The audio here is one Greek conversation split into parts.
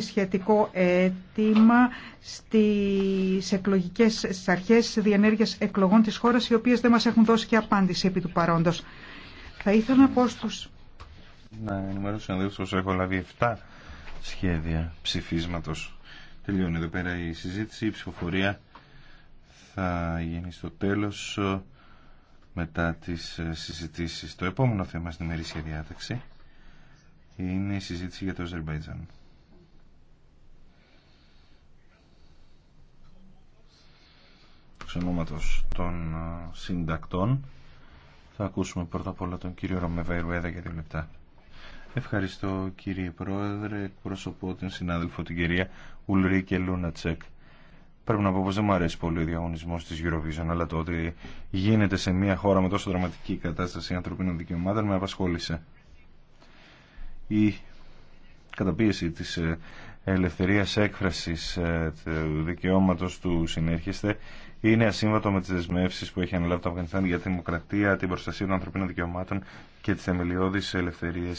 σχετικό αίτημα στις, εκλογικές, στις αρχές διενέργειας εκλογών της χώρας, οι οποίες δεν μας έχουν δώσει και απάντηση επί του παρόντος. Θα ήθελα να πω στους... Να ενημερώσω να πως έχω λάβει 7 σχέδια ψηφίσματος. Τελειώνει εδώ πέρα η συζήτηση, η ψηφοφορία θα γίνει στο τέλος μετά τις ε, συζητήσεις. Το επόμενο θέμα στην ημερήσια διάταξη είναι η συζήτηση για το Αζερμπαϊτζάν. των ε, συντακτών. Θα ακούσουμε πρώτα απ' όλα τον κύριο Ρωμεβαϊρουέδα για δύο λεπτά. Ευχαριστώ κύριε Πρόεδρε, εκπροσωπώ την συνάδελφο την κυρία Ουλρίκε Λούνατσεκ. Πρέπει να πω πως δεν μου αρέσει πολύ ο διαγωνισμό τη Eurovision, αλλά το ότι γίνεται σε μια χώρα με τόσο δραματική κατάσταση ανθρωπίνων δικαιωμάτων με απασχόλησε. Η καταπίεση τη ε, ελευθερία έκφραση ε, του δικαιώματος του συνέρχεστε είναι ασύμβατο με τι δεσμεύσει που έχει αναλάβει το Αφγανιστάν για τη δημοκρατία, την προστασία των ανθρωπίνων δικαιωμάτων και τι θεμελιώδει ελευθερίε.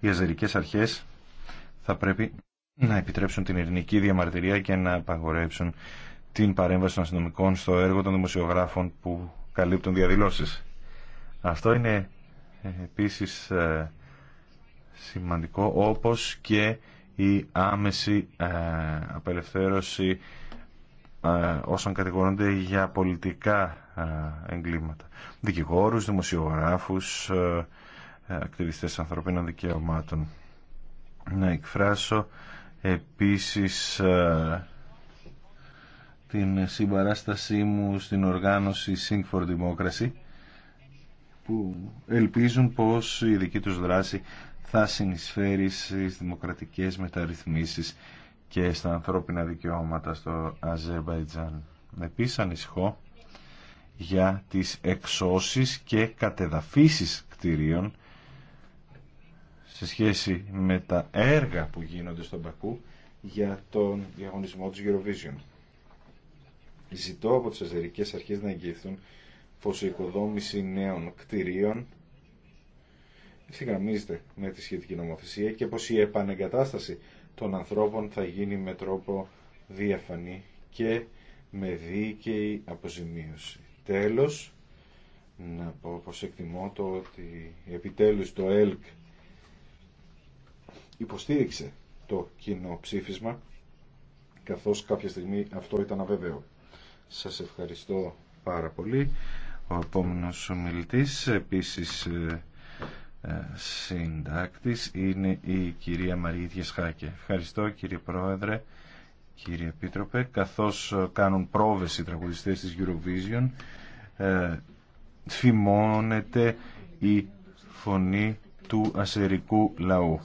Οι αζερικέ αρχέ θα πρέπει να επιτρέψουν την ειρηνική διαμαρτυρία και να απαγορέψουν την παρέμβαση των αστυνομικών στο έργο των δημοσιογράφων που καλύπτουν διαδηλώσει. Αυτό είναι ε, επίση ε, σημαντικό όπως και η άμεση ε, απελευθέρωση ε, όσων κατηγορούνται για πολιτικά ε, εγκλήματα. Δικηγόρους, δημοσιογράφους, ε, ακτιβιστές ανθρωπίνων δικαιωμάτων. Να εκφράσω επίσης την συμπαράστασή μου στην οργάνωση Sing for Democracy που ελπίζουν πως η δική τους δράση θα συνεισφέρει στις δημοκρατικές μεταρρυθμίσεις και στα ανθρώπινα δικαιώματα στο Αζερβαϊτζάν. επίση ανησυχώ για τις εξώσεις και κατεδαφίσεις κτηρίων σε σχέση με τα έργα που γίνονται στον Πακού για τον διαγωνισμό της Eurovision. Ζητώ από τις αζερικές αρχές να εγγυηθούν πως η οικοδόμηση νέων κτηρίων συγγραμμίζεται με τη σχετική νομοθεσία και πως η επανεγκατάσταση των ανθρώπων θα γίνει με τρόπο διαφανή και με δίκαιη αποζημίωση. Τέλος, να πω πως εκτιμώ το ότι επιτέλους το ΕΛΚ υποστήριξε το κοινό ψήφισμα καθώς κάποια στιγμή αυτό ήταν αβεβαίο. Σας ευχαριστώ πάρα πολύ. Ο επόμενος ομιλητής επίσης ε, ε, συντάκτης είναι η κυρία Μαρίδια Σχάκε. Ευχαριστώ κύριε Πρόεδρε, κύριε Επίτροπε. Καθώς κάνουν πρόβεση οι τραγουδιστές της Eurovision, ε, θυμώνεται η φωνή του ασερικού λαού.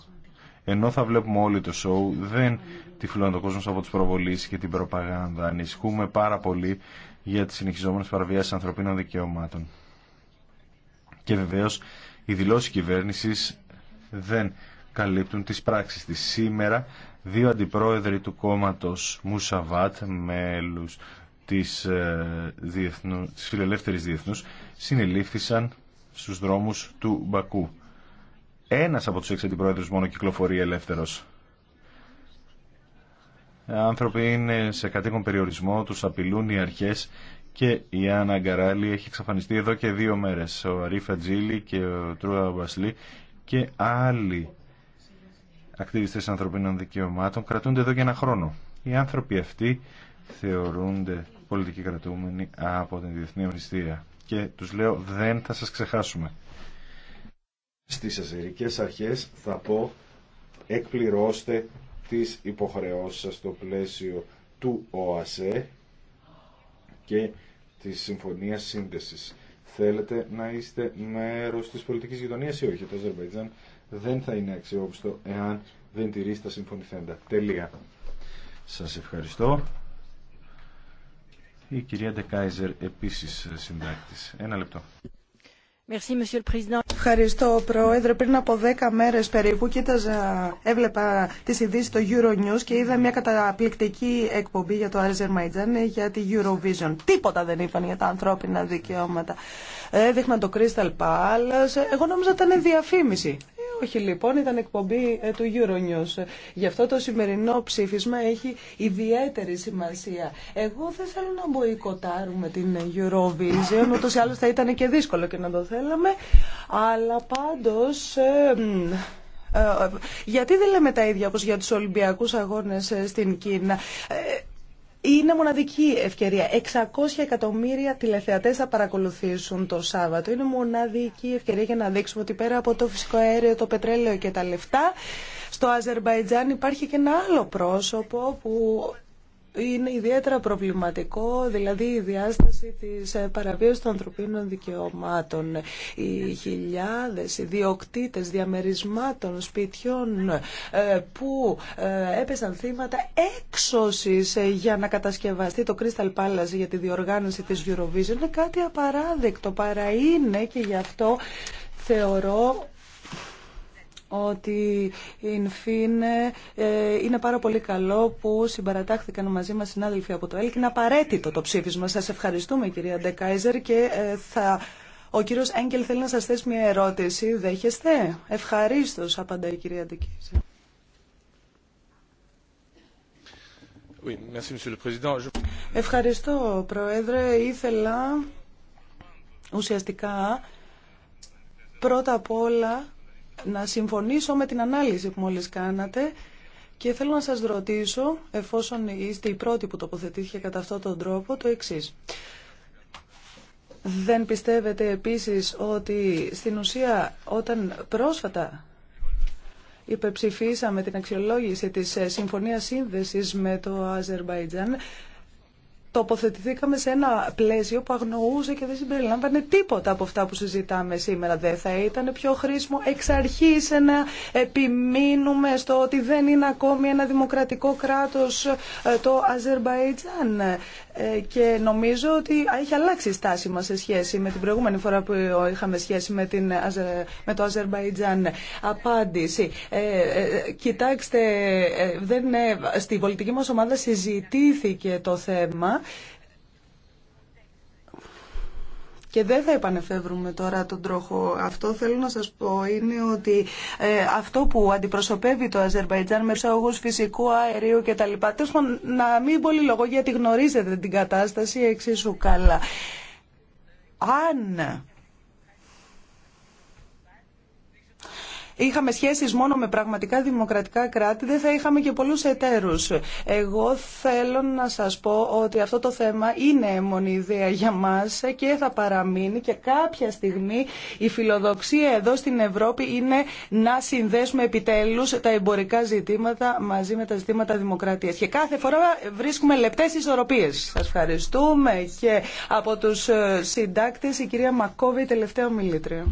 Ενώ θα βλέπουμε όλοι το σοου, δεν τυφλώνει το κόσμο από τις προβολήσεις και την προπαγάνδα. Ανησυχούμε πάρα πολύ για τις συνεχιζόμενες παραβιάσεις ανθρωπίνων δικαιωμάτων. Και βεβαίως οι δηλώσει κυβέρνηση δεν καλύπτουν τις πράξεις της. Σήμερα, δύο αντιπρόεδροι του κόμματος Μουσαβάτ, μέλους της, ε, διεθνού, Διεθνούς, συνελήφθησαν στους δρόμους του Μπακού. Ένα από τους έξι αντιπρόεδρους μόνο κυκλοφορεί ελεύθερος. Οι άνθρωποι είναι σε κατοίκον περιορισμό, τους απειλούν οι αρχές και η Άννα Γκαράλη έχει εξαφανιστεί εδώ και δύο μέρες. Ο Αρίφα Τζίλη και ο Τρούα Βασλή και άλλοι ακτιβιστές ανθρωπίνων δικαιωμάτων κρατούνται εδώ και ένα χρόνο. Οι άνθρωποι αυτοί θεωρούνται πολιτικοί κρατούμενοι από την Διεθνή Αμνηστία και τους λέω δεν θα σας ξεχάσουμε. Στις αζερικές αρχές θα πω εκπληρώστε τις υποχρεώσεις σας στο πλαίσιο του ΟΑΣΕ και της Συμφωνίας Σύνδεσης. Θέλετε να είστε μέρος της πολιτικής γειτονίας ή όχι. Το Αζερβαϊτζάν δεν θα είναι αξιόπιστο εάν δεν τηρήσει τα συμφωνηθέντα. Τελεία. Σας ευχαριστώ. Η κυρία Ντεκάιζερ επίσης συντάκτης. Ένα λεπτό. Ευχαριστώ, Πρόεδρε. Πριν από δέκα μέρες περίπου κοίταζα, έβλεπα τις ειδήσεις στο Euronews και είδα μια καταπληκτική εκπομπή για το Αζερμαϊτζάν για τη Eurovision. Τίποτα δεν είπαν για τα ανθρώπινα δικαιώματα. Έδειχναν ε, το Crystal Palace. Εγώ νόμιζα ότι ήταν διαφήμιση οχι λοιπόν ήταν εκπομπή ε, του Euronews. Γι' αυτό το σημερινό ψήφισμα έχει ιδιαίτερη σημασία. Εγώ δεν θέλω να μποϊκοτάρουμε την Eurovision, ούτω ή άλλω θα ήταν και δύσκολο και να το θέλαμε, αλλά πάντως... Ε, ε, γιατί δεν λέμε τα ίδια όπως για τους Ολυμπιακούς Αγώνες στην Κίνα. Είναι μοναδική ευκαιρία. 600 εκατομμύρια τηλεθεατές θα παρακολουθήσουν το Σάββατο. Είναι μοναδική ευκαιρία για να δείξουμε ότι πέρα από το φυσικό αέριο, το πετρέλαιο και τα λεφτά, στο Αζερμπαϊτζάν υπάρχει και ένα άλλο πρόσωπο που είναι ιδιαίτερα προβληματικό, δηλαδή η διάσταση της ε, παραβίωσης των ανθρωπίνων δικαιωμάτων. Οι χιλιάδες ιδιοκτήτες διαμερισμάτων σπιτιών ε, που ε, έπεσαν θύματα έξωσης για να κατασκευαστεί το Crystal Palace για τη διοργάνωση της Eurovision είναι κάτι απαράδεκτο, παρά είναι και γι' αυτό θεωρώ ότι ε, είναι πάρα πολύ καλό που συμπαρατάχθηκαν μαζί μας συνάδελφοι από το ΕΛΚ. Είναι απαραίτητο το ψήφισμα. Σας ευχαριστούμε κυρία Ντεκάιζερ και ε, θα... Ο κύριος Έγκελ θέλει να σας θέσει μια ερώτηση. Δέχεστε. ευχαριστώ απαντάει η κυρία Ντεκάιζερ. Ευχαριστώ, Πρόεδρε. Ήθελα ουσιαστικά πρώτα απ' όλα να συμφωνήσω με την ανάλυση που μόλις κάνατε και θέλω να σας ρωτήσω, εφόσον είστε οι πρώτοι που τοποθετήθηκε κατά αυτόν τον τρόπο, το εξής. Δεν πιστεύετε επίσης ότι στην ουσία όταν πρόσφατα υπεψηφίσαμε την αξιολόγηση της ε, Συμφωνίας Σύνδεσης με το Αζερβαϊτζάν, τοποθετηθήκαμε σε ένα πλαίσιο που αγνοούσε και δεν συμπεριλάμβανε τίποτα από αυτά που συζητάμε σήμερα. Δεν θα ήταν πιο χρήσιμο εξ αρχή να επιμείνουμε στο ότι δεν είναι ακόμη ένα δημοκρατικό κράτος ε, το Αζερβαϊτζάν. Ε, και νομίζω ότι έχει αλλάξει η στάση μας σε σχέση με την προηγούμενη φορά που είχαμε σχέση με, την, με το Αζερβαϊτζάν. Απάντηση. Ε, κοιτάξτε, δεν, στη πολιτική μα ομάδα συζητήθηκε το θέμα και δεν θα επανεφεύρουμε τώρα τον τροχό αυτό. Θέλω να σας πω είναι ότι ε, αυτό που αντιπροσωπεύει το Αζερβαϊτζάν με ψαγωγούς φυσικού αερίου και τα λοιπά, να μην πολύ λόγο γιατί γνωρίζετε την κατάσταση εξίσου καλά. Αν είχαμε σχέσεις μόνο με πραγματικά δημοκρατικά κράτη, δεν θα είχαμε και πολλού εταίρου. Εγώ θέλω να σας πω ότι αυτό το θέμα είναι μόνη ιδέα για μας και θα παραμείνει και κάποια στιγμή η φιλοδοξία εδώ στην Ευρώπη είναι να συνδέσουμε επιτέλους τα εμπορικά ζητήματα μαζί με τα ζητήματα δημοκρατίας. Και κάθε φορά βρίσκουμε λεπτέ ισορροπίε. Σα ευχαριστούμε και από του συντάκτε, η κυρία Μακόβη, τελευταία ομιλήτρια.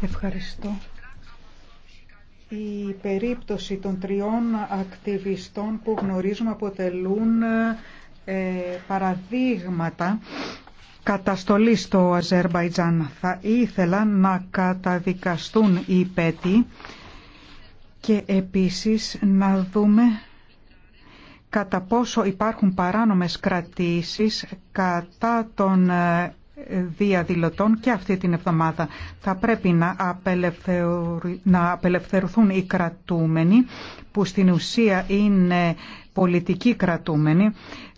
Ευχαριστώ. Η περίπτωση των τριών ακτιβιστών που γνωρίζουμε αποτελούν ε, παραδείγματα καταστολή στο Αζερβαϊτζάν. Θα ήθελα να καταδικαστούν οι πέτοι και επίσης να δούμε κατά πόσο υπάρχουν παράνομες κρατήσεις κατά των ε, διαδηλωτών και αυτή την εβδομάδα. Θα πρέπει να, να απελευθερωθούν οι κρατούμενοι που στην ουσία είναι πολιτικοί κρατούμενοι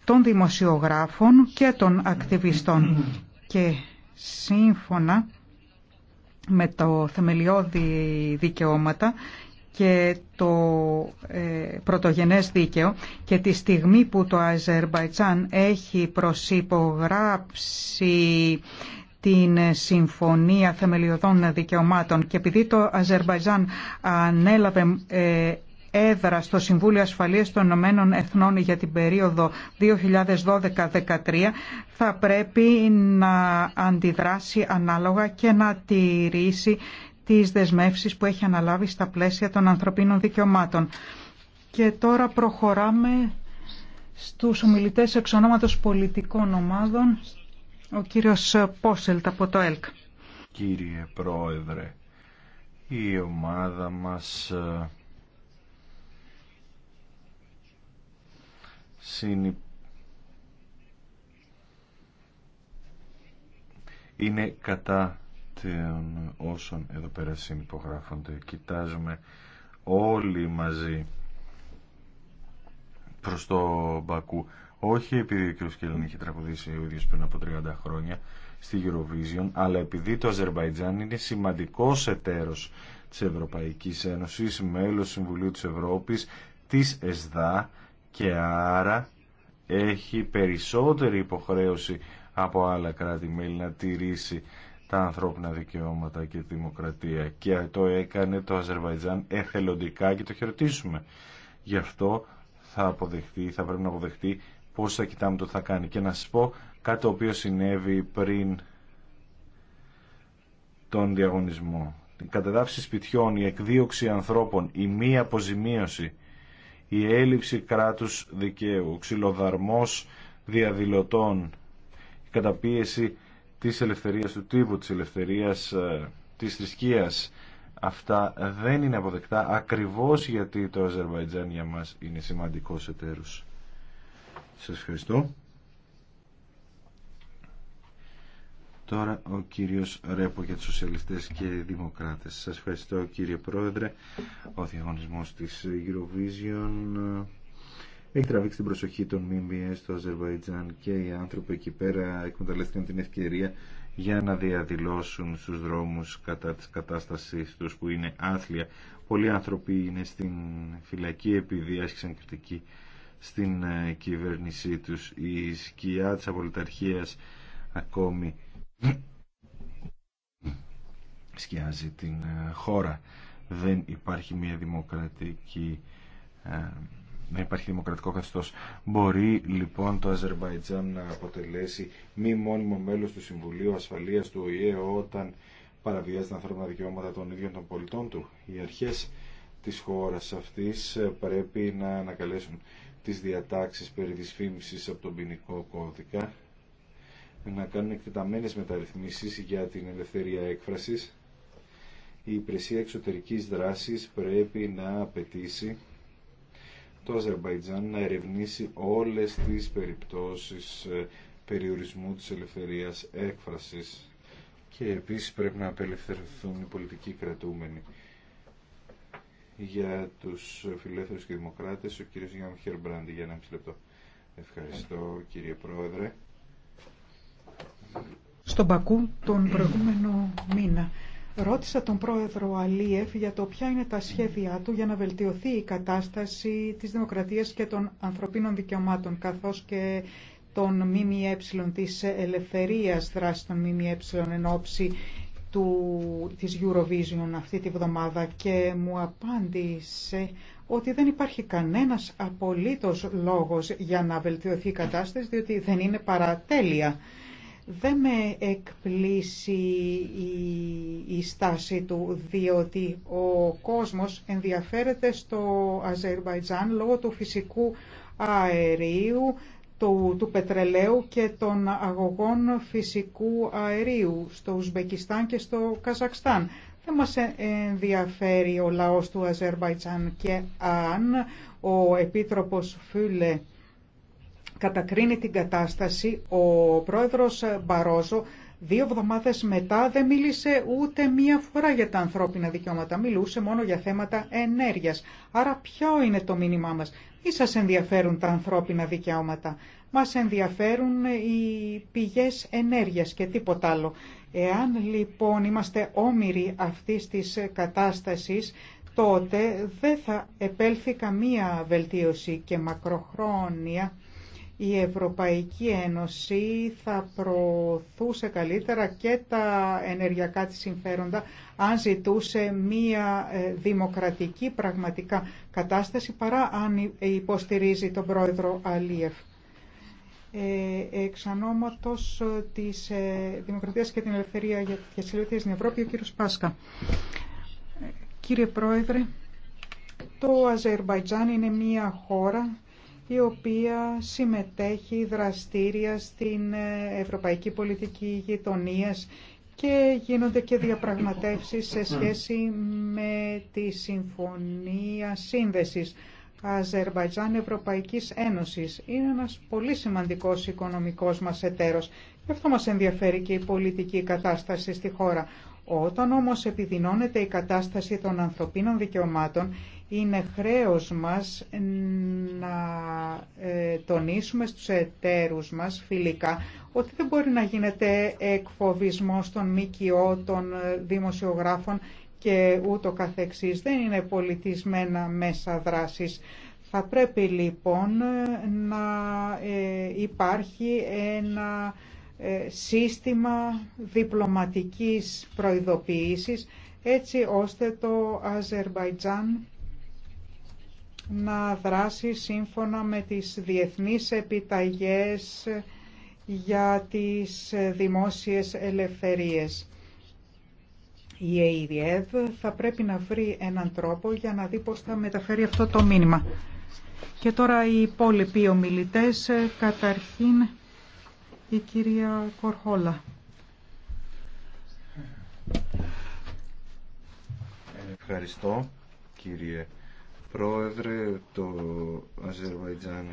των δημοσιογράφων και των ακτιβιστών. Και σύμφωνα με το θεμελιώδη δικαιώματα και το ε, πρωτογενές δίκαιο και τη στιγμή που το Αζερμπαϊτζάν έχει προσυπογράψει την Συμφωνία Θεμελιωδών Δικαιωμάτων και επειδή το Αζερμπαϊτζάν ανέλαβε ε, έδρα στο Συμβούλιο Ασφαλείας των Ηνωμένων Εθνών για την περίοδο 2012-2013 θα πρέπει να αντιδράσει ανάλογα και να τηρήσει τις δεσμεύσεις που έχει αναλάβει στα πλαίσια των ανθρωπίνων δικαιωμάτων. Και τώρα προχωράμε στους ομιλητές εξ ονόματος πολιτικών ομάδων, ο κύριος Πόσελτ από το ΕΛΚ. Κύριε Πρόεδρε, η ομάδα μας ε, είναι κατά τελευταίων όσων εδώ πέρα συνυπογράφονται. Κοιτάζουμε όλοι μαζί προς το Μπακού. Όχι επειδή ο κ. Σκέλεν είχε τραγουδήσει ο ίδιος πριν από 30 χρόνια στη Eurovision, αλλά επειδή το Αζερβαϊτζάν είναι σημαντικός εταίρος της Ευρωπαϊκής Ένωσης, μέλος Συμβουλίου της Ευρώπης, της ΕΣΔΑ και άρα έχει περισσότερη υποχρέωση από άλλα κράτη-μέλη να τηρήσει τα ανθρώπινα δικαιώματα και τη δημοκρατία και το έκανε το Αζερβαϊτζάν εθελοντικά και το χαιρετίσουμε. Γι' αυτό θα αποδεχτεί, θα πρέπει να αποδεχτεί πώς θα κοιτάμε το τι θα κάνει. Και να σας πω κάτι το οποίο συνέβη πριν τον διαγωνισμό. Η κατεδάψη σπιτιών, η εκδίωξη ανθρώπων, η μη αποζημίωση, η έλλειψη κράτους δικαίου, ο ξυλοδαρμός διαδηλωτών, η καταπίεση της ελευθερίας του τύπου, της ελευθερίας ε, της θρησκείας. Αυτά δεν είναι αποδεκτά ακριβώς γιατί το Αζερβαϊτζάν για μας είναι σημαντικός εταίρος. Σας ευχαριστώ. Τώρα ο κύριος Ρέπο για τους σοσιαλιστές και δημοκράτες. Σας ευχαριστώ κύριε Πρόεδρε. Ο διαγωνισμός της Eurovision ε, έχει τραβήξει την προσοχή των ΜΜΕ στο Αζερβαϊτζάν και οι άνθρωποι εκεί πέρα εκμεταλλεύτηκαν την ευκαιρία για να διαδηλώσουν στους δρόμους κατά της κατάστασής τους που είναι άθλια. Πολλοί άνθρωποι είναι στην φυλακή επειδή άσκησαν κριτική στην ε, κυβέρνησή τους. Η σκιά της απολυταρχίας ακόμη σκιάζει την ε, χώρα. Δεν υπάρχει μια δημοκρατική ε, να υπάρχει δημοκρατικό καθεστώς. Μπορεί λοιπόν το Αζερβαϊτζάν να αποτελέσει μη μόνιμο μέλος του Συμβουλίου Ασφαλείας του ΟΗΕ όταν παραβιάζει τα ανθρώπινα δικαιώματα των ίδιων των πολιτών του. Οι αρχές της χώρας αυτής ε, πρέπει να ανακαλέσουν τις διατάξεις περί δυσφήμισης από τον ποινικό κώδικα, να κάνουν εκτεταμένες μεταρρυθμίσεις για την ελευθερία έκφρασης. Η υπηρεσία εξωτερικής δράσης πρέπει να απαιτήσει το Αζερβαϊτζάν να ερευνήσει όλες τις περιπτώσεις ε, περιορισμού της ελευθερίας έκφρασης και επίσης πρέπει να απελευθερωθούν οι πολιτικοί κρατούμενοι. Για τους φιλελεύθερους και δημοκράτες, ο κύριος Γιάννη Χερμπράντη για ένα μισή λεπτό. Ευχαριστώ κύριε Πρόεδρε. Στον Πακού τον προηγούμενο μήνα Ρώτησα τον πρόεδρο Αλίεφ για το ποια είναι τα σχέδιά του για να βελτιωθεί η κατάσταση της δημοκρατίας και των ανθρωπίνων δικαιωμάτων, καθώς και των ΜΜΕ, της ελευθερίας δράσης των ΜΜΕ εν ώψη του, της Eurovision αυτή τη βδομάδα και μου απάντησε ότι δεν υπάρχει κανένας απολύτως λόγος για να βελτιωθεί η κατάσταση, διότι δεν είναι παρατέλεια δεν με εκπλήσει η, στάση του, διότι ο κόσμος ενδιαφέρεται στο Αζερβαϊτζάν λόγω του φυσικού αερίου, του, του πετρελαίου και των αγωγών φυσικού αερίου στο Ουσμπεκιστάν και στο Καζακστάν. Δεν μας ε, ενδιαφέρει ο λαός του Αζερβαϊτζάν και αν ο Επίτροπος Φούλε κατακρίνει την κατάσταση, ο πρόεδρος Μπαρόζο δύο εβδομάδες μετά δεν μίλησε ούτε μία φορά για τα ανθρώπινα δικαιώματα, μιλούσε μόνο για θέματα ενέργειας. Άρα ποιο είναι το μήνυμά μας. Μη σας ενδιαφέρουν τα ανθρώπινα δικαιώματα. Μας ενδιαφέρουν οι πηγές ενέργειας και τίποτα άλλο. Εάν λοιπόν είμαστε όμοιροι αυτής της κατάστασης, τότε δεν θα επέλθει καμία βελτίωση και μακροχρόνια η Ευρωπαϊκή Ένωση θα προωθούσε καλύτερα και τα ενεργειακά της συμφέροντα αν ζητούσε μία ε, δημοκρατική πραγματικά κατάσταση παρά αν υποστηρίζει τον πρόεδρο Αλίεφ. Ε, εξ ε, της ε, Δημοκρατίας και την Ελευθερία για τις Ελευθερίες στην Ευρώπη, ο κύριος Πάσκα. Κύριε Πρόεδρε, το Αζερβαϊτζάν είναι μία χώρα η οποία συμμετέχει δραστήρια στην ε, Ευρωπαϊκή Πολιτική Γειτονίας και γίνονται και διαπραγματεύσεις σε σχέση με τη Συμφωνία Σύνδεσης Αζερβαϊτζάν Ευρωπαϊκής Ένωσης. Είναι ένας πολύ σημαντικός οικονομικός μας εταίρος Γι' αυτό μας ενδιαφέρει και η πολιτική κατάσταση στη χώρα. Όταν όμως επιδεινώνεται η κατάσταση των ανθρωπίνων δικαιωμάτων, είναι χρέος μας να ε, τονίσουμε στους εταίρους μας φιλικά ότι δεν μπορεί να γίνεται εκφοβισμός των ΜΚΟ, των δημοσιογράφων και ούτω καθεξής. Δεν είναι πολιτισμένα μέσα δράσης. Θα πρέπει λοιπόν να ε, υπάρχει ένα ε, σύστημα διπλωματικής προειδοποίησης έτσι ώστε το Αζερβαϊτζάν να δράσει σύμφωνα με τις διεθνείς επιταγές για τις δημόσιες ελευθερίες. Η ΕΕΔ θα πρέπει να βρει έναν τρόπο για να δει πώς θα μεταφέρει αυτό το μήνυμα. Και τώρα οι υπόλοιποι ομιλητές, καταρχήν η κυρία Κορχόλα. Ευχαριστώ κύριε Πρόεδρε, το Αζερβαϊτζάν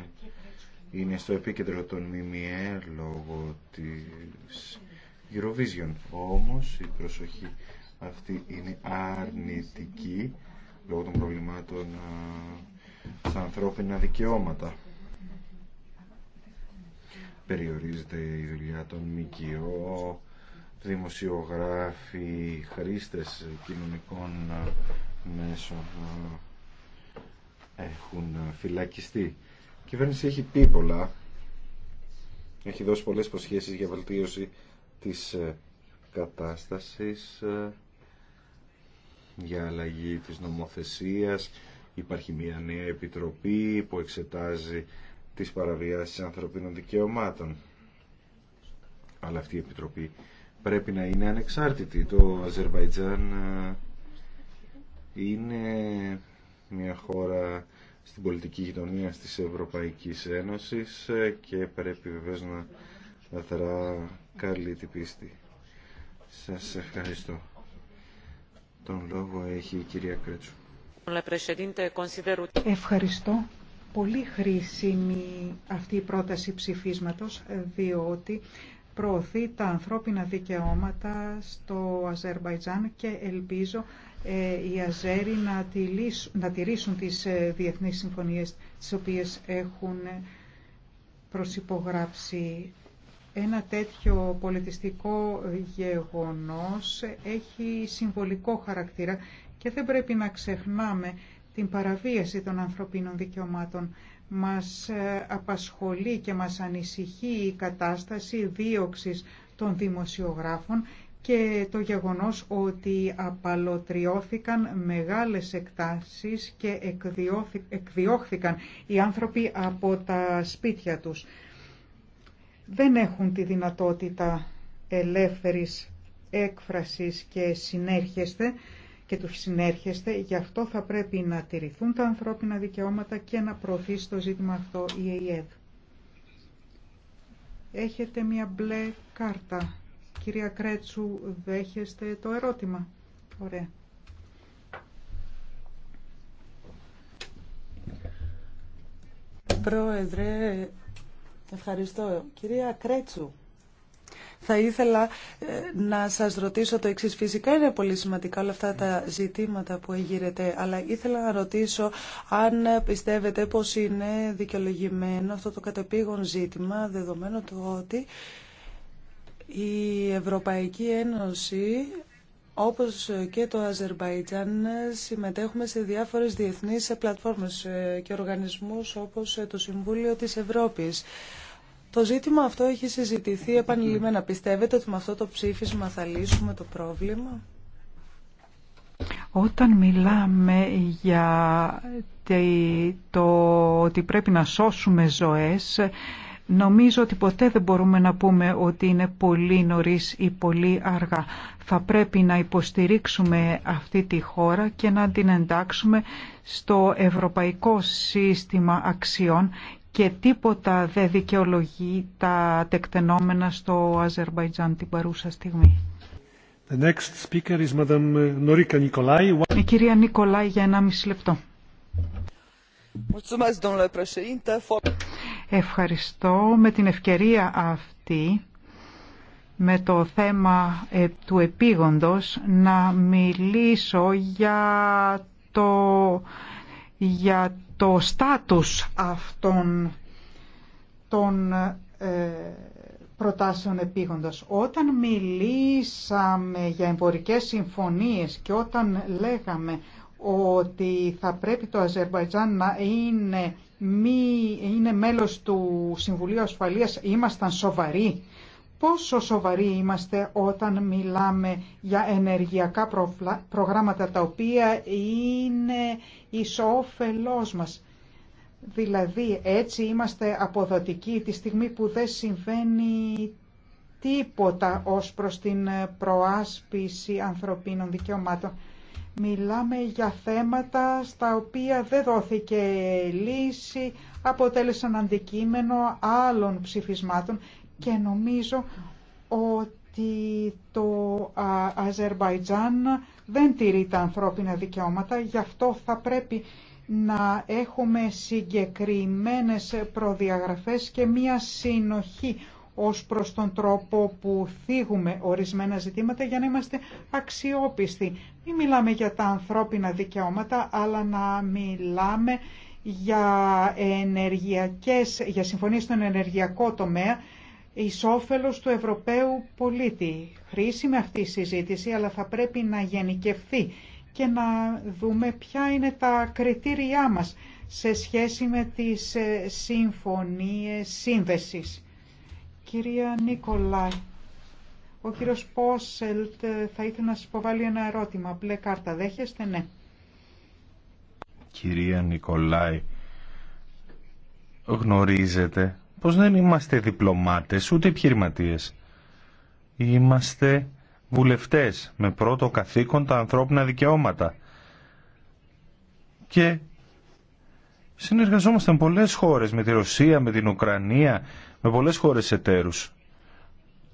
είναι στο επίκεντρο των ΜΜΕ λόγω της Eurovision. Όμως η προσοχή αυτή είναι αρνητική λόγω των προβλημάτων στα ανθρώπινα δικαιώματα. Περιορίζεται η δουλειά των ΜΚΟ, δημοσιογράφοι, χρήστες κοινωνικών μέσων έχουν ε, φυλακιστεί. Η κυβέρνηση έχει πει πολλά, έχει δώσει πολλές προσχέσεις για βελτίωση της ε, κατάστασης, ε, για αλλαγή της νομοθεσίας. Υπάρχει μια νέα επιτροπή που εξετάζει τις παραβιάσεις ανθρωπίνων δικαιωμάτων. Αλλά αυτή η επιτροπή πρέπει να είναι ανεξάρτητη. Το Αζερβαϊτζάν είναι μια χώρα στην πολιτική γειτονία της Ευρωπαϊκής Ένωσης ε, και πρέπει βεβαίως να δρά καλή την πίστη. Σας ευχαριστώ. Τον λόγο έχει η κυρία Κρέτσου. Ευχαριστώ. Πολύ χρήσιμη αυτή η πρόταση ψηφίσματος, διότι προωθεί τα ανθρώπινα δικαιώματα στο Αζερβαϊτζάν και ελπίζω ε, οι Αζέροι να, τηρήσουν, να τηρήσουν τις ε, διεθνείς συμφωνίες τις οποίες έχουν ε, προσυπογράψει. Ένα τέτοιο πολιτιστικό γεγονός έχει συμβολικό χαρακτήρα και δεν πρέπει να ξεχνάμε την παραβίαση των ανθρωπίνων δικαιωμάτων. Μας απασχολεί και μας ανησυχεί η κατάσταση δίωξης των δημοσιογράφων και το γεγονός ότι απαλωτριώθηκαν μεγάλες εκτάσεις και εκδιώχθηκαν οι άνθρωποι από τα σπίτια τους. Δεν έχουν τη δυνατότητα ελεύθερης έκφρασης και συνέρχεστε και τους συνέρχεστε, γι' αυτό θα πρέπει να τηρηθούν τα ανθρώπινα δικαιώματα και να προωθεί το ζήτημα αυτό η ΕΕΔ. Έχετε μια μπλε κάρτα Κυρία Κρέτσου, δέχεστε το ερώτημα. Ωραία. Πρόεδρε, ευχαριστώ. Κυρία Κρέτσου, θα ήθελα ε, να σας ρωτήσω το εξής. Φυσικά είναι πολύ σημαντικά όλα αυτά τα ζητήματα που εγείρετε, αλλά ήθελα να ρωτήσω αν πιστεύετε πως είναι δικαιολογημένο αυτό το κατεπήγον ζήτημα, δεδομένου του ότι η Ευρωπαϊκή Ένωση όπως και το Αζερβαϊτζάν συμμετέχουμε σε διάφορες διεθνείς πλατφόρμες και οργανισμούς όπως το Συμβούλιο της Ευρώπης. Το ζήτημα αυτό έχει συζητηθεί επανειλημμένα. Πιστεύετε ότι με αυτό το ψήφισμα θα λύσουμε το πρόβλημα? Όταν μιλάμε για το ότι πρέπει να σώσουμε ζωές, Νομίζω ότι ποτέ δεν μπορούμε να πούμε ότι είναι πολύ νωρίς ή πολύ αργά. Θα πρέπει να υποστηρίξουμε αυτή τη χώρα και να την εντάξουμε στο ευρωπαϊκό σύστημα αξιών και τίποτα δεν δικαιολογεί τα τεκτενόμενα στο Αζερβαϊτζάν την παρούσα στιγμή. The next speaker is Η κυρία για λεπτό. Ευχαριστώ με την ευκαιρία αυτή με το θέμα ε, του επίγοντος να μιλήσω για το, για το στάτους αυτών των ε, προτάσεων επίγοντος. Όταν μιλήσαμε για εμπορικές συμφωνίες και όταν λέγαμε ότι θα πρέπει το Αζερβαϊτζάν να είναι μη είναι μέλος του Συμβουλίου Ασφαλείας, ήμασταν σοβαροί. Πόσο σοβαροί είμαστε όταν μιλάμε για ενεργειακά προγράμματα τα οποία είναι ισόφελός μας. Δηλαδή έτσι είμαστε αποδοτικοί τη στιγμή που δεν συμβαίνει τίποτα ως προς την προάσπιση ανθρωπίνων δικαιωμάτων. Μιλάμε για θέματα στα οποία δεν δόθηκε λύση, αποτέλεσαν αντικείμενο άλλων ψηφισμάτων και νομίζω ότι το Αζερβαϊτζάν δεν τηρεί τα ανθρώπινα δικαιώματα, γι' αυτό θα πρέπει να έχουμε συγκεκριμένες προδιαγραφές και μία συνοχή ως προς τον τρόπο που θίγουμε ορισμένα ζητήματα για να είμαστε αξιόπιστοι. Μην μιλάμε για τα ανθρώπινα δικαιώματα, αλλά να μιλάμε για, ενεργειακές, για συμφωνίες στον ενεργειακό τομέα εις όφελος του Ευρωπαίου πολίτη. Χρήσιμη αυτή η συζήτηση, αλλά θα πρέπει να γενικευθεί και να δούμε ποια είναι τα κριτήριά μας σε σχέση με τις ε, συμφωνίες σύνδεσης. Κυρία Νίκολαη, ο κύριος Πόσελτ ε, θα ήθελε να σα υποβάλει ένα ερώτημα. Μπλε κάρτα, δέχεστε, ναι. Κυρία Νικολάη, γνωρίζετε πως δεν είμαστε διπλωμάτες ούτε επιχειρηματίε. Είμαστε βουλευτές με πρώτο καθήκον τα ανθρώπινα δικαιώματα. Και Συνεργαζόμαστε με πολλές χώρες, με τη Ρωσία, με την Ουκρανία, με πολλές χώρες εταίρους.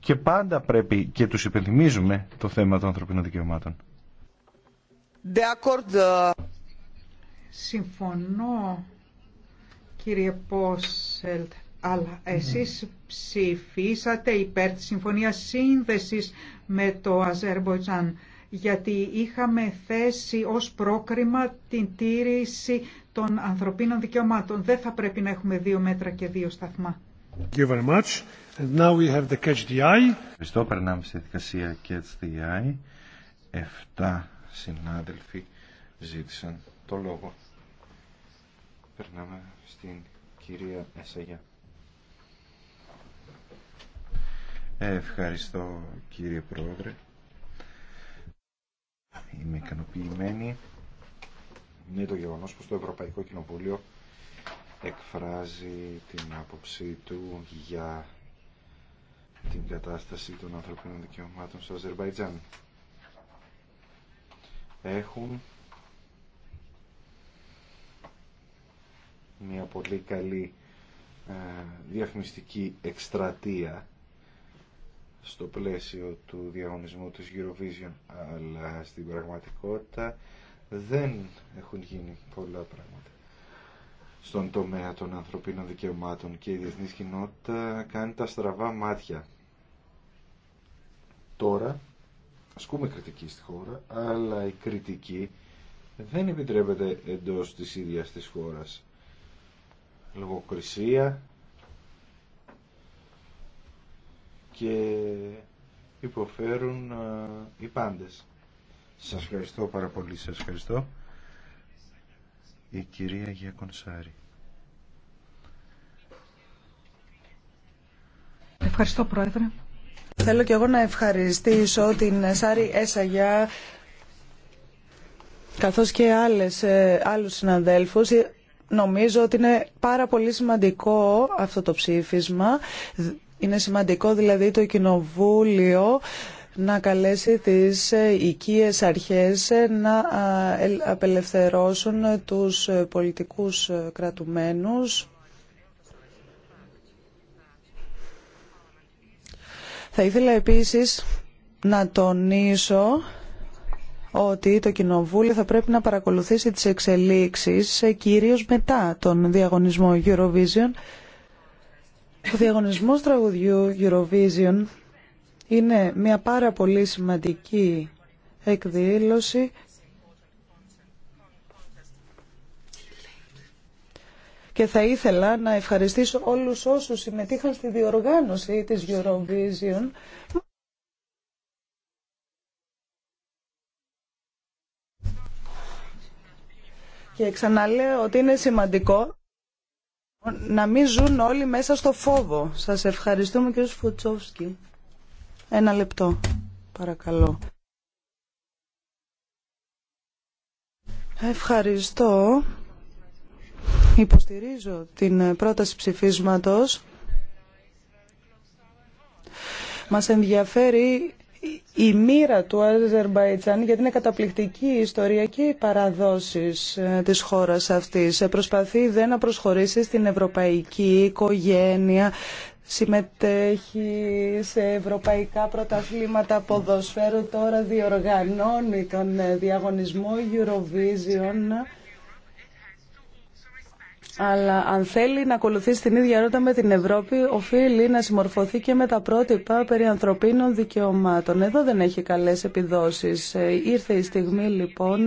Και πάντα πρέπει και τους υπενθυμίζουμε το θέμα των ανθρωπίνων δικαιωμάτων. Uh, Συμφωνώ κύριε Πόσελτ, αλλά ναι. εσείς ψηφίσατε υπέρ της Συμφωνίας Σύνδεσης με το Αζερμπαϊτζάν γιατί είχαμε θέσει ως πρόκριμα την τήρηση των ανθρωπίνων δικαιωμάτων. Δεν θα πρέπει να έχουμε δύο μέτρα και δύο σταθμά. the Ευχαριστώ. Περνάμε στη διαδικασία Catch the Eye. Εφτά συνάδελφοι ζήτησαν το λόγο. Περνάμε στην κυρία Εσαγιά. Ευχαριστώ κύριε Πρόεδρε. Είμαι ικανοποιημένη με το γεγονός πως το Ευρωπαϊκό Κοινοβούλιο εκφράζει την άποψή του για την κατάσταση των ανθρωπίνων δικαιωμάτων στο Αζερβαϊτζάν. Έχουν μια πολύ καλή ε, διαφημιστική εκστρατεία στο πλαίσιο του διαγωνισμού της Eurovision αλλά στην πραγματικότητα δεν έχουν γίνει πολλά πράγματα στον τομέα των ανθρωπίνων δικαιωμάτων και η διεθνής κοινότητα κάνει τα στραβά μάτια. Τώρα ασκούμε κριτική στη χώρα, αλλά η κριτική δεν επιτρέπεται εντός της ίδιας της χώρας. Λογοκρισία, και υποφέρουν ε, οι πάντες. Σας ευχαριστώ πάρα πολύ. Σας ευχαριστώ. Η κυρία Γιακονσάρη. Ευχαριστώ Πρόεδρε. Θέλω και εγώ να ευχαριστήσω την Σάρη Εσαγιά, καθώς και άλλες, ε, άλλους συναδέλφους. Ε, νομίζω ότι είναι πάρα πολύ σημαντικό αυτό το ψήφισμα είναι σημαντικό δηλαδή το Κοινοβούλιο να καλέσει τις οικίες αρχές να απελευθερώσουν τους πολιτικούς κρατουμένους. Θα ήθελα επίσης να τονίσω ότι το Κοινοβούλιο θα πρέπει να παρακολουθήσει τις εξελίξεις κυρίως μετά τον διαγωνισμό Eurovision ο διαγωνισμός τραγουδιού Eurovision είναι μια πάρα πολύ σημαντική εκδήλωση και θα ήθελα να ευχαριστήσω όλους όσους συμμετείχαν στη διοργάνωση της Eurovision. Και ξαναλέω ότι είναι σημαντικό να μην ζουν όλοι μέσα στο φόβο. Σας ευχαριστούμε κύριε Σφουτσόφσκι. Ένα λεπτό, παρακαλώ. Ευχαριστώ. Υποστηρίζω την πρόταση ψηφίσματος. Μας ενδιαφέρει η μοίρα του Αζερμπαϊτζάν γιατί είναι καταπληκτική η ιστορία και οι παραδόσεις ε, της χώρας αυτής. Ε, προσπαθεί δεν να προσχωρήσει στην ευρωπαϊκή οικογένεια, συμμετέχει σε ευρωπαϊκά πρωταθλήματα ποδοσφαίρου, τώρα διοργανώνει τον ε, διαγωνισμό Eurovision. Αλλά αν θέλει να ακολουθήσει την ίδια ρότα με την Ευρώπη, οφείλει να συμμορφωθεί και με τα πρότυπα περί ανθρωπίνων δικαιωμάτων. Εδώ δεν έχει καλές επιδόσεις. Ε, ήρθε η στιγμή λοιπόν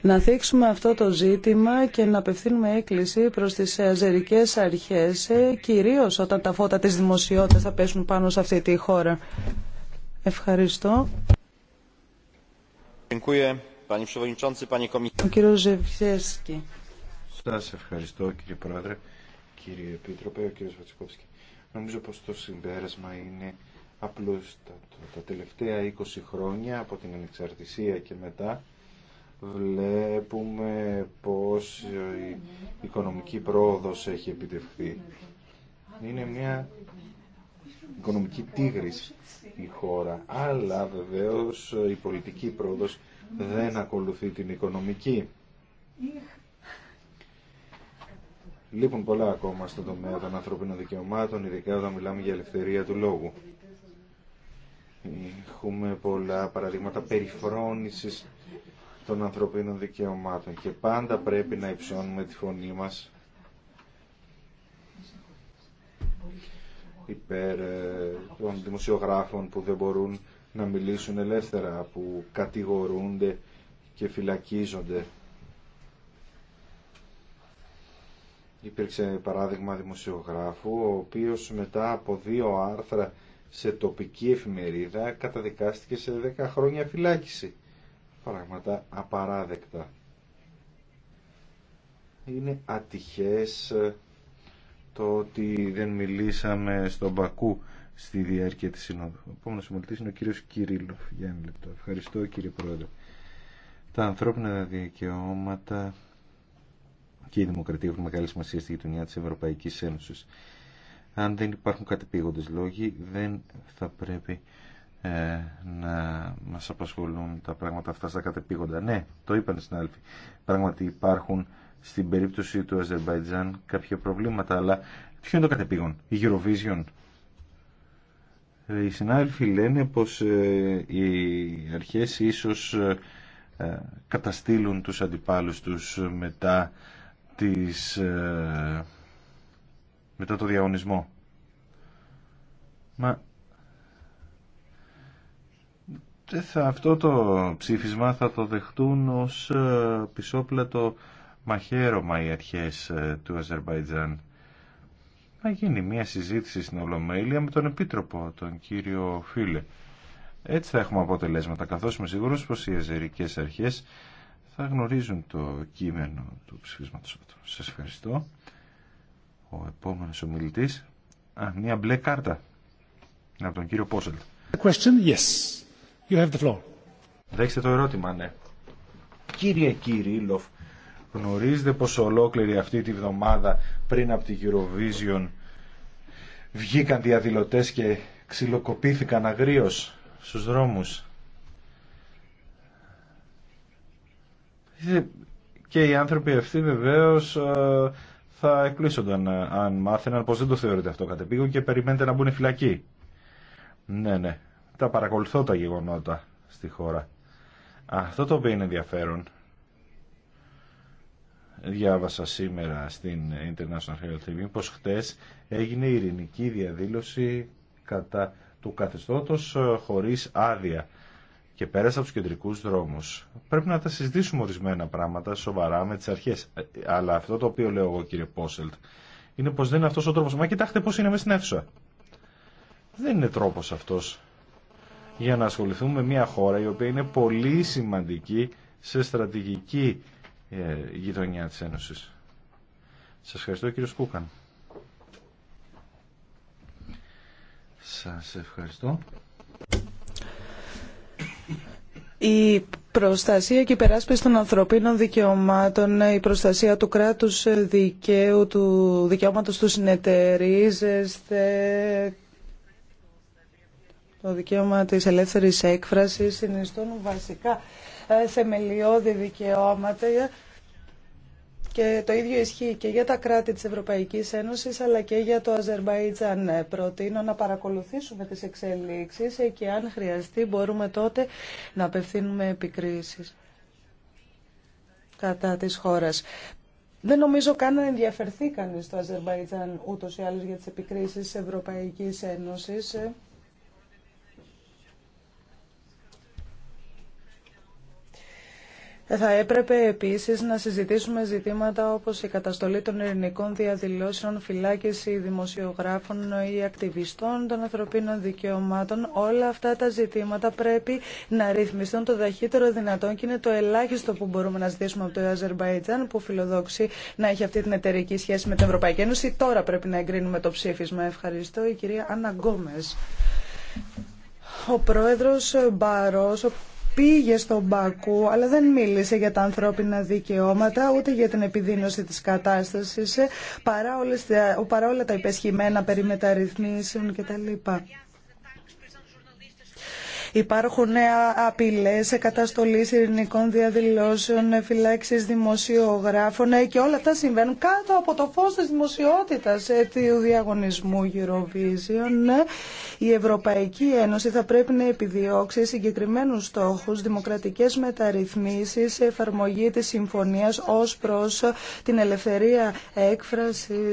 να θίξουμε αυτό το ζήτημα και να απευθύνουμε έκκληση προς τις αζερικές αρχές, ε, κυρίως όταν τα φώτα της δημοσιότητας θα πέσουν πάνω σε αυτή τη χώρα. Ευχαριστώ. Σας ευχαριστώ κύριε Πρόεδρε, κύριε Επίτροπε, ο κύριος Βατσικόφσκι. Νομίζω πως το συμπέρασμα είναι απλούστατο. Τα τελευταία 20 χρόνια από την ανεξαρτησία και μετά βλέπουμε πως η οικονομική πρόοδος έχει επιτευχθεί. Είναι μια οικονομική τίγρης η χώρα, αλλά βεβαίως η πολιτική πρόοδος δεν ακολουθεί την οικονομική. Λείπουν πολλά ακόμα στον τομέα των ανθρωπίνων δικαιωμάτων, ειδικά όταν μιλάμε για ελευθερία του λόγου. Έχουμε πολλά παραδείγματα περιφρόνησης των ανθρωπίνων δικαιωμάτων και πάντα πρέπει να υψώνουμε τη φωνή μας υπέρ ε, των δημοσιογράφων που δεν μπορούν να μιλήσουν ελεύθερα, που κατηγορούνται και φυλακίζονται Υπήρξε παράδειγμα δημοσιογράφου, ο οποίος μετά από δύο άρθρα σε τοπική εφημερίδα καταδικάστηκε σε 10 χρόνια φυλάκιση. Πράγματα απαράδεκτα. Είναι ατυχές ε, το ότι δεν μιλήσαμε στον Πακού στη διάρκεια της Συνόδου. Ο επόμενος συμβολητής είναι ο κύριος Κυρίλοφ. Για ένα λεπτό. Ευχαριστώ κύριε Πρόεδρε. Τα ανθρώπινα δικαιώματα και η δημοκρατία έχουν μεγάλη σημασία στη γειτονιά της Ευρωπαϊκής Ένωσης. Αν δεν υπάρχουν κατεπήγοντες λόγοι, δεν θα πρέπει ε, να μας απασχολούν τα πράγματα αυτά στα κατεπήγοντα. Ναι, το είπαν στην άλλη. Πράγματι υπάρχουν στην περίπτωση του Αζερβαϊτζάν κάποια προβλήματα, αλλά ποιο είναι το κατεπήγον, η Eurovision. Ε, οι συνάδελφοι λένε πως ε, οι αρχές ίσως καταστήλουν τους αντιπάλους τους μετά της ε, μετά το διαγωνισμό. Μα αυτό το ψήφισμα θα το δεχτούν ως ε, πισόπλατο μαχαίρωμα οι αρχές ε, του Αζερβαϊτζάν. Θα γίνει μια συζήτηση στην Ολομέλεια με τον Επίτροπο, τον κύριο Φίλε. Έτσι θα έχουμε αποτελέσματα, καθώς είμαι σίγουρος πως οι αζερικές αρχές θα γνωρίζουν το κείμενο του ψηφίσματος αυτού. Σας ευχαριστώ. Ο επόμενος ομιλητής. Α, μια μπλε κάρτα. Από τον κύριο Πόσελτ. Question, yes. You have the floor. Δέξτε το ερώτημα, ναι. Κύριε Κυρίλοφ, γνωρίζετε πως ολόκληρη αυτή τη βδομάδα πριν από τη Eurovision βγήκαν διαδηλωτές και ξυλοκοπήθηκαν αγρίως στους δρόμους Και οι άνθρωποι αυτοί βεβαίω ε, θα εκπλήσονταν ε, αν μάθαιναν πώ δεν το θεωρείται αυτό κατεπήγον και περιμένετε να μπουν φυλακοί. Ναι, ναι. Τα παρακολουθώ τα γεγονότα στη χώρα. Αυτό το οποίο είναι ενδιαφέρον διάβασα σήμερα στην International Herald TV πως χτες έγινε ειρηνική διαδήλωση κατά του καθεστώτος ε, χωρίς άδεια και πέρασα από τους κεντρικούς δρόμους. Πρέπει να τα συζητήσουμε ορισμένα πράγματα σοβαρά με τις αρχές. Ε, αλλά αυτό το οποίο λέω εγώ κύριε Πόσελτ είναι πως δεν είναι αυτός ο τρόπος. Μα κοιτάξτε πώς είναι μέσα στην αίθουσα. Δεν είναι τρόπος αυτός για να ασχοληθούμε με μια χώρα η οποία είναι πολύ σημαντική σε στρατηγική ε, γειτονιά της Ένωσης. Σας ευχαριστώ κύριο Σκούκαν. Σας ευχαριστώ η προστασία και η περάσπιση των ανθρωπίνων δικαιωμάτων, η προστασία του κράτους δικαίου, του δικαιώματος του συνεταιρίζεσθε, το δικαίωμα της ελεύθερης έκφρασης συνιστούν βασικά ε, θεμελιώδη δικαιώματα και το ίδιο ισχύει και για τα κράτη της Ευρωπαϊκής Ένωσης αλλά και για το Αζερβαϊτζάν. Προτείνω να παρακολουθήσουμε τις εξελίξεις και αν χρειαστεί μπορούμε τότε να απευθύνουμε επικρίσεις κατά της χώρας. Δεν νομίζω καν να ενδιαφερθεί κανείς το Αζερβαϊτζάν ούτως ή άλλως για τις επικρίσεις της Ευρωπαϊκής Ένωσης. Ε, θα έπρεπε επίσης να συζητήσουμε ζητήματα όπως η καταστολή των ειρηνικών διαδηλώσεων, φυλάκιση δημοσιογράφων ή ακτιβιστών των ανθρωπίνων δικαιωμάτων. Όλα αυτά τα ζητήματα πρέπει να ρυθμιστούν το ταχύτερο δυνατόν και είναι το ελάχιστο που μπορούμε να ζητήσουμε από το Αζερβαϊτζάν που φιλοδόξει να έχει αυτή την εταιρική σχέση με την Ευρωπαϊκή Ένωση. Τώρα πρέπει να εγκρίνουμε το ψήφισμα. Ευχαριστώ η κυρία Άννα Γκόμε Ο πρόεδρος Μπαρός, πήγε στον Μπακού, αλλά δεν μίλησε για τα ανθρώπινα δικαιώματα, ούτε για την επιδείνωση της κατάστασης, παρά, όλες, παρά όλα τα υπεσχημένα περί μεταρρυθμίσεων κτλ. Υπάρχουν απειλές καταστολή ειρηνικών διαδηλώσεων, φυλάξει δημοσιογράφων ε, και όλα αυτά συμβαίνουν κάτω από το φω τη δημοσιότητας ε, του διαγωνισμού Eurovision. Η Ευρωπαϊκή Ένωση θα πρέπει να επιδιώξει συγκεκριμένου στόχους, δημοκρατικές μεταρρυθμίσει, εφαρμογή της συμφωνίας ω προς την ελευθερία έκφραση.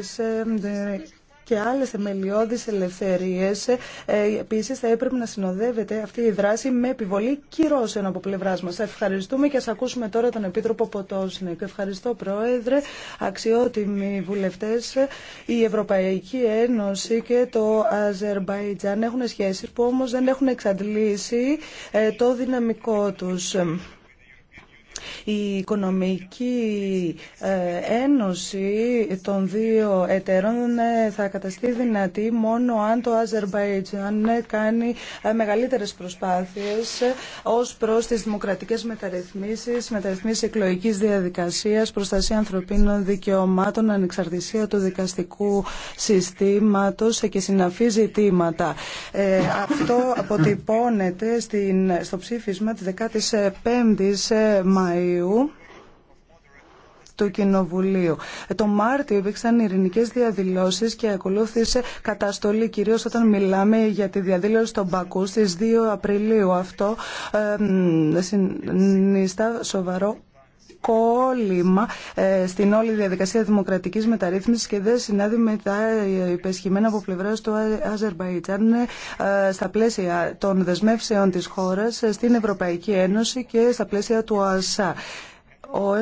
Ε, και άλλες θεμελιώδεις ελευθερίες. Ε, επίσης θα έπρεπε να συνοδεύεται αυτή η δράση με επιβολή κυρώσεων από πλευράς μας. Ευχαριστούμε και ας ακούσουμε τώρα τον Επίτροπο Ποτόσνικ. Ευχαριστώ Πρόεδρε, αξιότιμοι βουλευτές. Η Ευρωπαϊκή Ένωση και το Αζερμπαϊτζάν έχουν σχέσεις που όμως δεν έχουν εξαντλήσει ε, το δυναμικό τους. Η Οικονομική ε, Ένωση των δύο εταιρών ε, θα καταστεί δυνατή μόνο αν το Αζερβαϊτζάν ε, κάνει μεγαλύτερες προσπάθειες ως προς τις δημοκρατικές μεταρρυθμίσεις, μεταρρυθμίσεις εκλογικής διαδικασίας, προστασία ανθρωπίνων δικαιωμάτων, ανεξαρτησία του δικαστικού συστήματος και συναφή ζητήματα. αυτό αποτυπώνεται στο ψήφισμα της 15ης Μαΐου Μαΐου του Κοινοβουλίου. Το Μάρτιο υπήρξαν ειρηνικέ διαδηλώσει και ακολούθησε καταστολή, κυρίω όταν μιλάμε για τη διαδήλωση των Πακού στι 2 Απριλίου. Αυτό ε, συνιστά σοβαρό κόλλημα ε, στην όλη διαδικασία δημοκρατική μεταρρύθμισης και δεν συνάδει με τα υπεσχημένα από πλευρά του Αζερβαϊτζάν ε, στα πλαίσια των δεσμεύσεων της χώρας ε, στην Ευρωπαϊκή Ένωση και στα πλαίσια του ΑΣΑ. Ο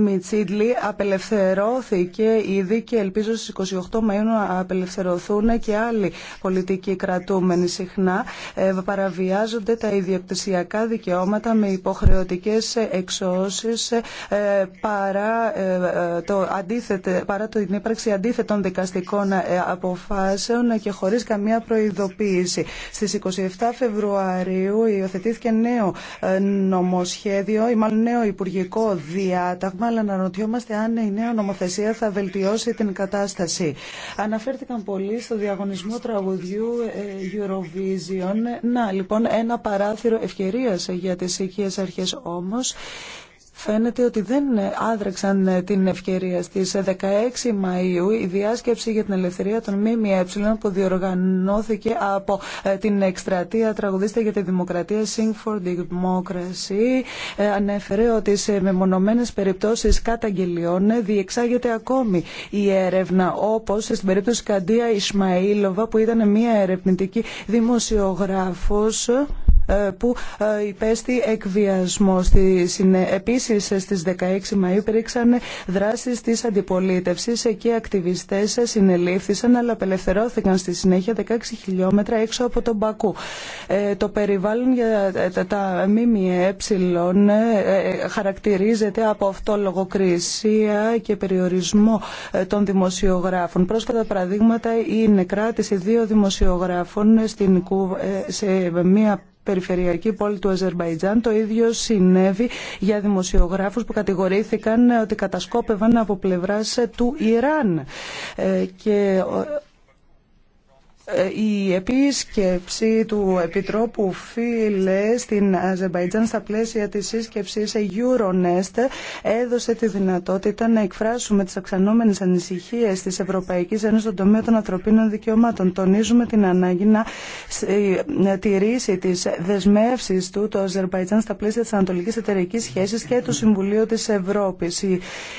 Μιτσίτλη απελευθερώθηκε ήδη και ελπίζω στις 28 Μαΐου να απελευθερωθούν και άλλοι πολιτικοί κρατούμενοι συχνά. Ε, παραβιάζονται τα ιδιοκτησιακά δικαιώματα με υποχρεωτικές εξώσεις ε, παρά, ε, το αντίθετε, παρά την ύπαρξη αντίθετων δικαστικών αποφάσεων και χωρίς καμία προειδοποίηση. Στις 27 Φεβρουαρίου υιοθετήθηκε νέο νομοσχέδιο ή μάλλον νέο υπουργικό διάταγμα αλλά αναρωτιόμαστε αν η νέα νομοθεσία θα βελτιώσει την κατάσταση. Αναφέρθηκαν πολλοί στο διαγωνισμό τραγουδιού ε, Eurovision. Να, λοιπόν, ένα παράθυρο ευκαιρίας για τις οικίες αρχές όμως φαίνεται ότι δεν άδρεξαν την ευκαιρία. Στις 16 Μαΐου η διάσκεψη για την ελευθερία των ΜΜΕ που διοργανώθηκε από ε, την εκστρατεία τραγουδίστρια για τη δημοκρατία Sing for Democracy ε, ανέφερε ότι σε μεμονωμένες περιπτώσεις καταγγελιών διεξάγεται ακόμη η έρευνα όπως στην περίπτωση Καντία Ισμαήλοβα που ήταν μια ερευνητική δημοσιογράφος ε, που ε, υπέστη εκβιασμό. Επίση, στι 16 Μαΐου υπήρξαν δράσεις της αντιπολίτευσης και ακτιβιστέ συνελήφθησαν αλλά απελευθερώθηκαν στη συνέχεια 16 χιλιόμετρα έξω από τον Πακού. Ε, το περιβάλλον για τα ΜΜΕ χαρακτηρίζεται από αυτό λογοκρισία και περιορισμό των δημοσιογράφων. Πρόσφατα παραδείγματα είναι κράτηση δύο δημοσιογράφων σε μια περιφερειακή πόλη του Αζερβαϊτζάν. Το ίδιο συνέβη για δημοσιογράφους που κατηγορήθηκαν ότι κατασκόπευαν από πλευράς του Ιράν. Ε, και ε, η επίσκεψη του Επιτρόπου Φίλε στην Αζερμπαϊτζάν στα πλαίσια της σύσκεψης Euronest έδωσε τη δυνατότητα να εκφράσουμε τις αυξανόμενε ανησυχίες της Ευρωπαϊκής Ένωσης στον τομέα των ανθρωπίνων δικαιωμάτων. Τονίζουμε την ανάγκη να, ε, τηρήσει τις δεσμεύσεις του το Αζερμπαϊτζαν στα πλαίσια της Ανατολικής Εταιρικής Σχέσης και του Συμβουλίου της Ευρώπης.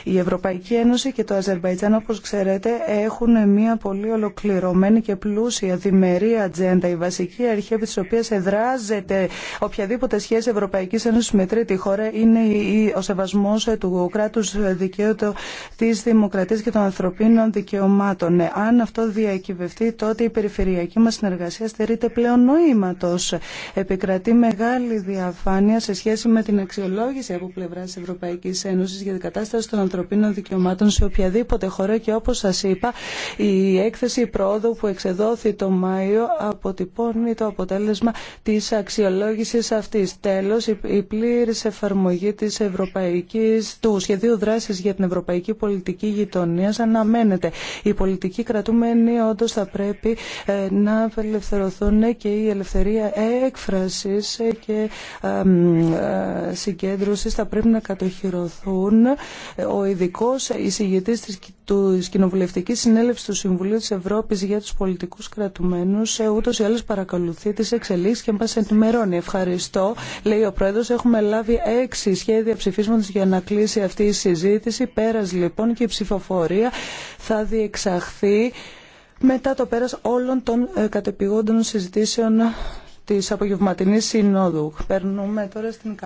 Η Ευρωπαϊκή Ένωση και το Αζερμπαϊτζάν, όπως ξέρετε, έχουν μια πολύ ολοκληρωμένη και πλούσια η αδημερή ατζέντα, η βασική αρχή από τις οποίες εδράζεται οποιαδήποτε σχέση Ευρωπαϊκής Ένωσης με τρίτη χώρα είναι ο σεβασμός ε, του κράτους δικαίου της δημοκρατίας και των ανθρωπίνων δικαιωμάτων. Ε, αν αυτό διακυβευτεί τότε η περιφερειακή μας συνεργασία στερείται πλέον νοήματος. Επικρατεί μεγάλη διαφάνεια σε σχέση με την αξιολόγηση από πλευρά της Ευρωπαϊκής Ένωσης για την κατάσταση των ανθρωπίνων δικαιωμάτων σε οποιαδήποτε χώρα και όπως σας είπα η έκθεση πρόοδου που εξεδόθη το Μάιο αποτυπώνει το αποτέλεσμα της αξιολόγησης αυτής. Τέλος, η πλήρης εφαρμογή της ευρωπαϊκής, του σχεδίου δράσης για την ευρωπαϊκή πολιτική γειτονίας αναμένεται. Η πολιτική κρατούμενη όντω θα πρέπει ε, να απελευθερωθούν και η ελευθερία έκφρασης και ε, συγκέντρωσης θα πρέπει να κατοχυρωθούν. Ο ειδικό εισηγητής της του Κοινοβουλευτική Συνέλευση του Συμβουλίου τη Ευρώπη για του πολιτικού κρατουμένου, ε, ούτω ή άλλω παρακολουθεί τι εξελίξει και μα ενημερώνει. Ευχαριστώ, λέει ο Πρόεδρο. Έχουμε λάβει έξι σχέδια ψηφίσματο για να κλείσει αυτή η συζήτηση. Πέρα λοιπόν και η ψηφοφορία θα διεξαχθεί μετά το πέρας όλων των ε, κατεπηγόντων συζητήσεων της απογευματινής συνόδου. Περνούμε τώρα στην